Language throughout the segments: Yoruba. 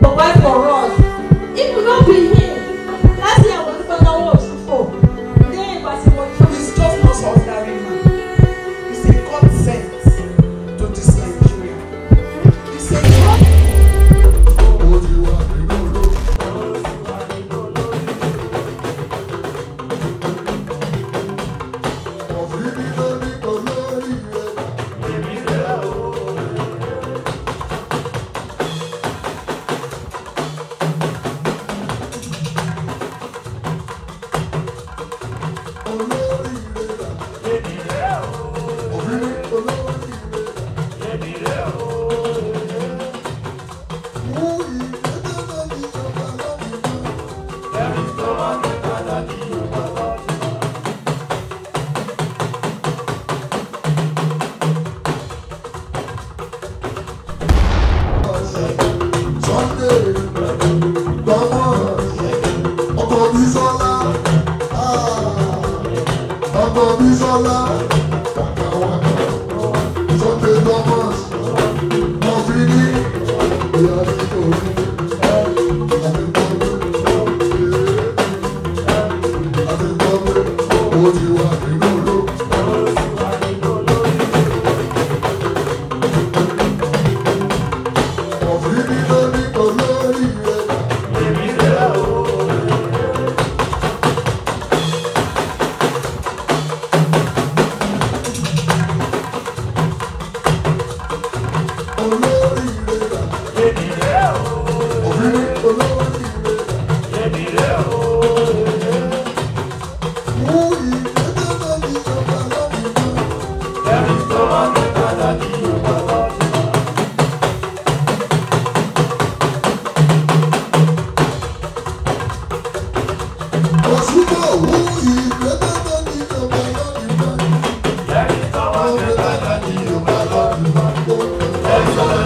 provide for us. It will not be him.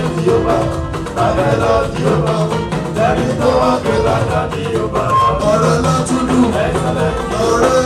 ẹni yóò bá tàbí lọ́ọ̀dì yóò bá lẹ́ni tó wá pé lọ́dà ni yóò bá. ọ̀rẹ́ látúndù ọ̀rẹ́ tàbí lọ́ọ̀dì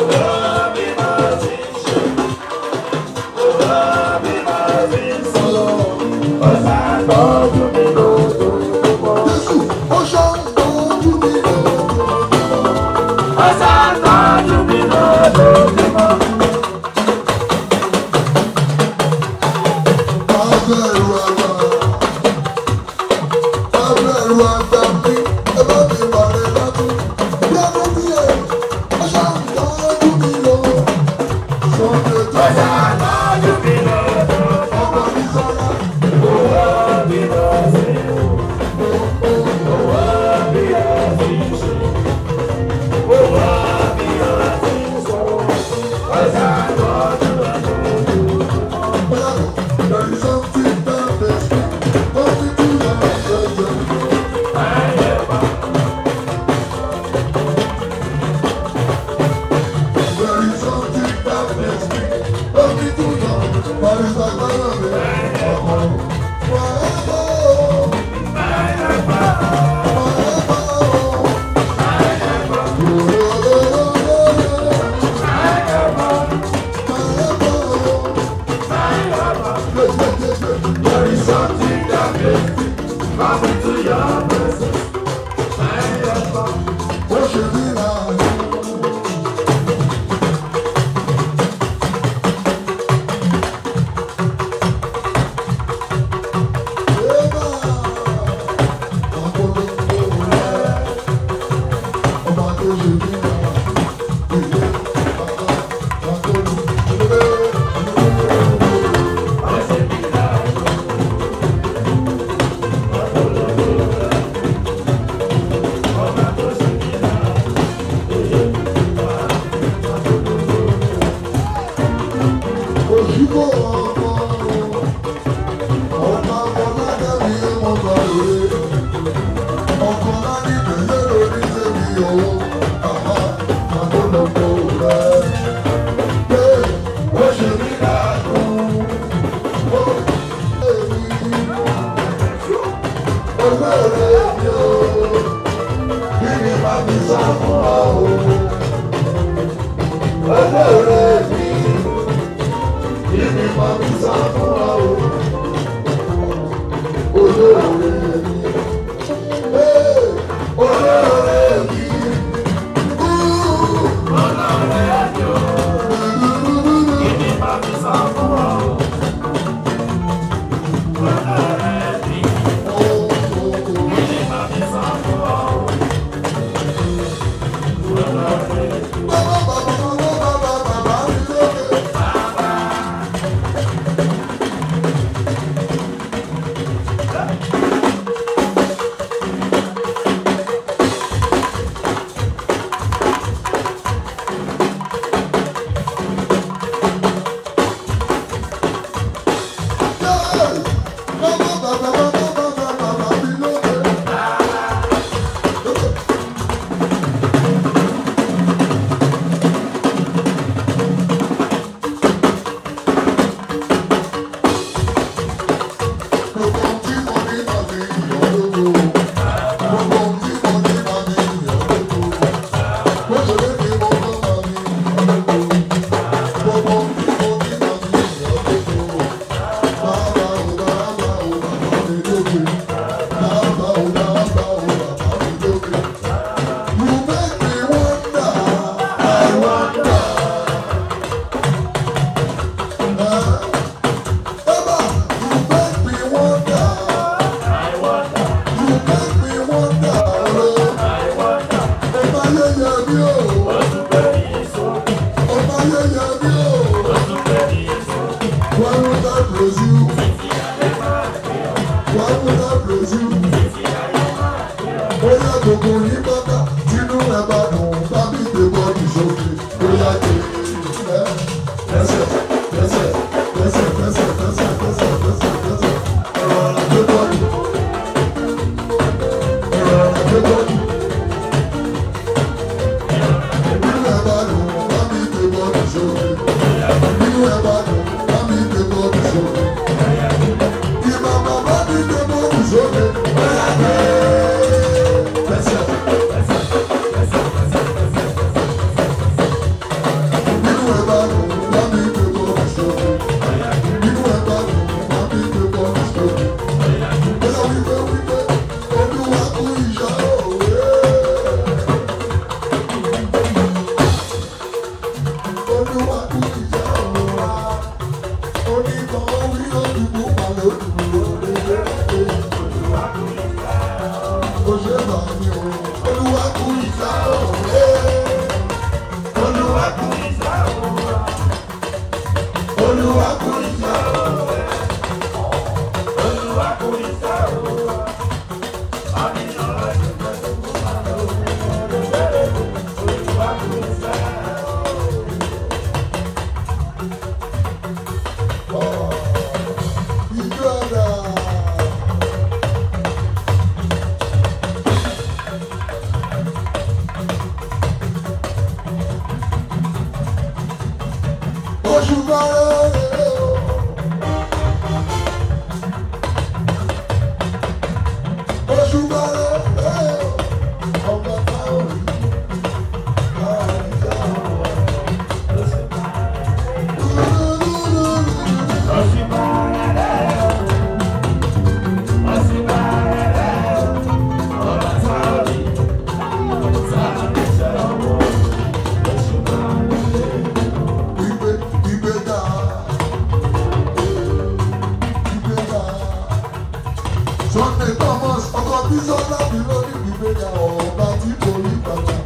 Oh, Oh. gbogbo yín bá. Sunday Thomas ọkọ̀ bísọ́lá mi lórí ìgbéyàwó ọba tí kò rí bàjẹ́.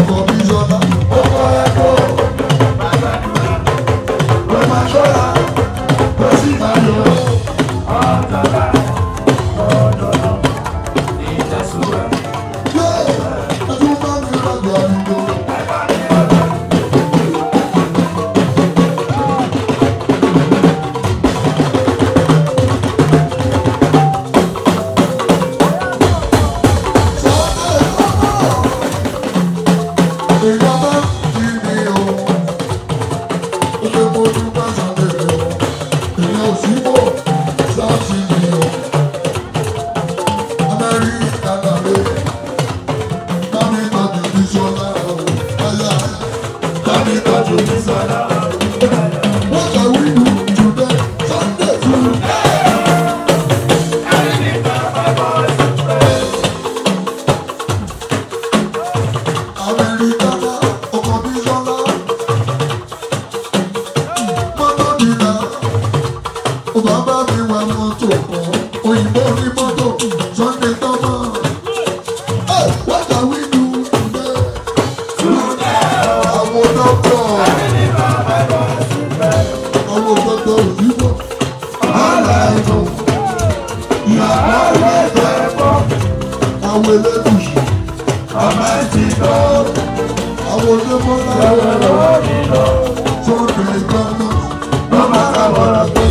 Ọkọ̀ bí yọ̀dá, ó kọ́ ẹ̀kọ́, àwọn elédùsì ọmọ ti lọ àwọn onímọ̀ lọ́wọ́ lọ́wọ́ mi lọ sókè gbọ́nà ló máa ra wọ́ra pé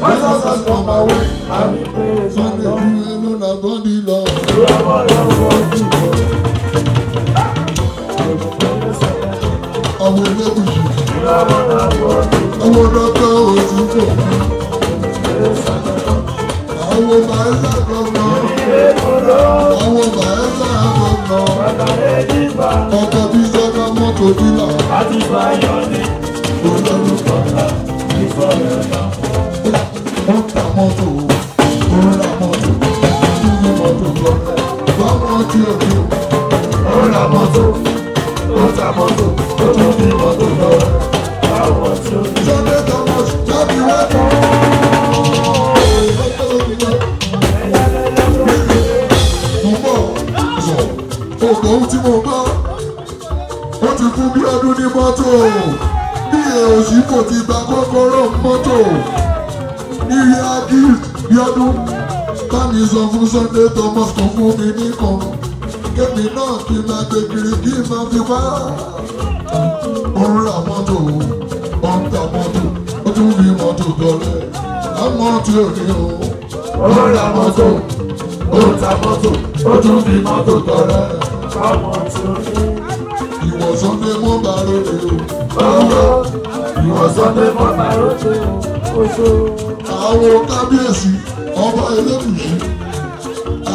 wọ́n sọ sọ sọ ma wé sókè dúró ló nà bọ́ ní lọ. àwọn elédùsì àwọn dọ́kítà òsì pọ̀ àwọn bàálà lọ́wọ́. Àwọn bàá náà lọ lọ. Ọkọ̀ bí sẹ́ka mọ́tò dílà. Àti báyọ̀ ni olórúkọ ńlá ní fọ́ọ̀rẹ́ náà. Ó ta mọ́tò, ó ra mọ́tò, ó ní mọ́tò lọ́lẹ̀. Báwọn ti ò ní, ó ra mọ́tò. sọ fún Sunday Thomas kò mú mi nìkan kébì náà kí n máa gbé kiri kí n máa fi wá. ó ń ra mọ́tò ó ń ta mọ́tò ó tún fi mọ́tò dọ́lẹ̀ àmọ́ tí ò ní o. ó ń ra mọ́tò ó ń ta mọ́tò ó tún fi mọ́tò dọ́lẹ̀ àmọ́ tí o. ìwọ Sunday mo bá rere o. ọwọ́ ọba ẹlẹ́gùn yìí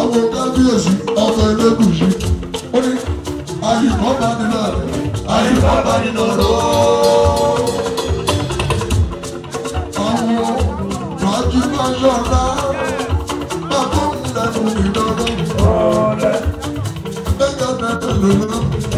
àwọn kábíyèsí ọmọ Elégùṣì ó ní àyùkọ́ bá ní náà rẹ̀ àyùkọ́ bá ní náà rẹ̀ àwọn ràjí máa yọ̀ọ̀la bàbá òun lẹ́nu ìdánwò bẹ́ẹ̀ náà tẹ̀lé náà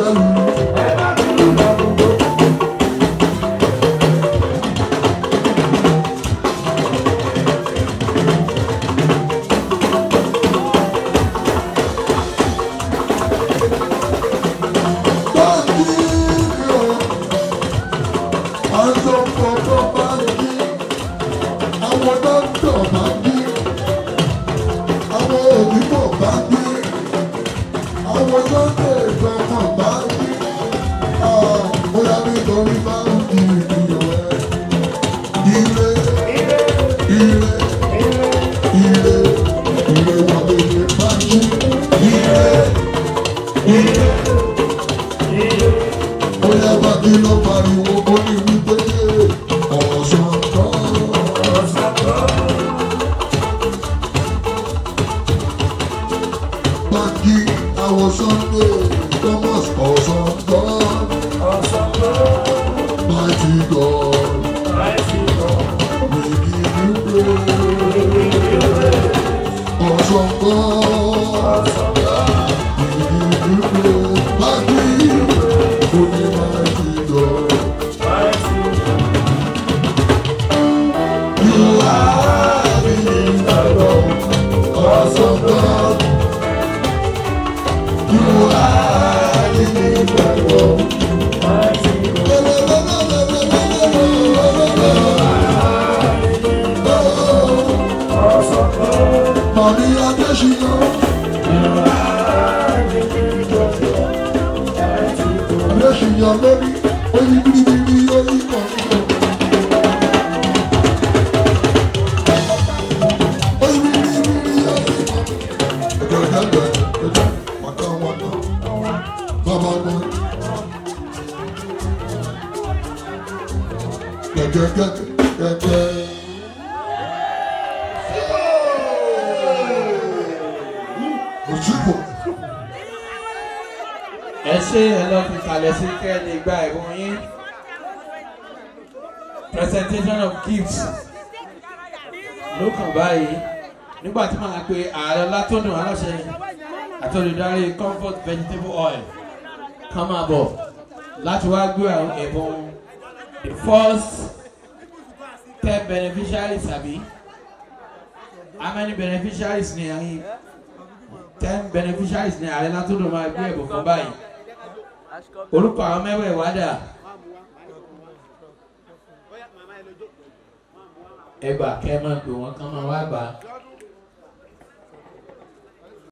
Oh. bóyá bàbí ló pariwo ó ní wípé ọ̀rọ̀ sọ̀tọ̀. Bàbí àwọn Sunday. Thank you. ẹ ṣe ẹ lọ fi kalẹ̀ sí kẹ́ ẹ lè gba ẹ̀bùn yín presentation of gifts ló kàn báyìí nígbà tí màá pe ààrẹ látọ̀dún aláṣẹ àti olùdarí comfort vegetable oil kan máa bọ̀ láti wá gbé àwọn ẹ̀bùn the first tẹ beneficiaries àbí how many beneficiaries ni àyìn ten beneficiaries ni ààrẹ látọ̀dọ̀ máa gbé ẹ̀bùn fún báyìí orúkọ àwọn mẹ́wẹ̀ẹ́ wá dà ẹgbà kẹ́ máa pè wọ́n kán máa wá gbà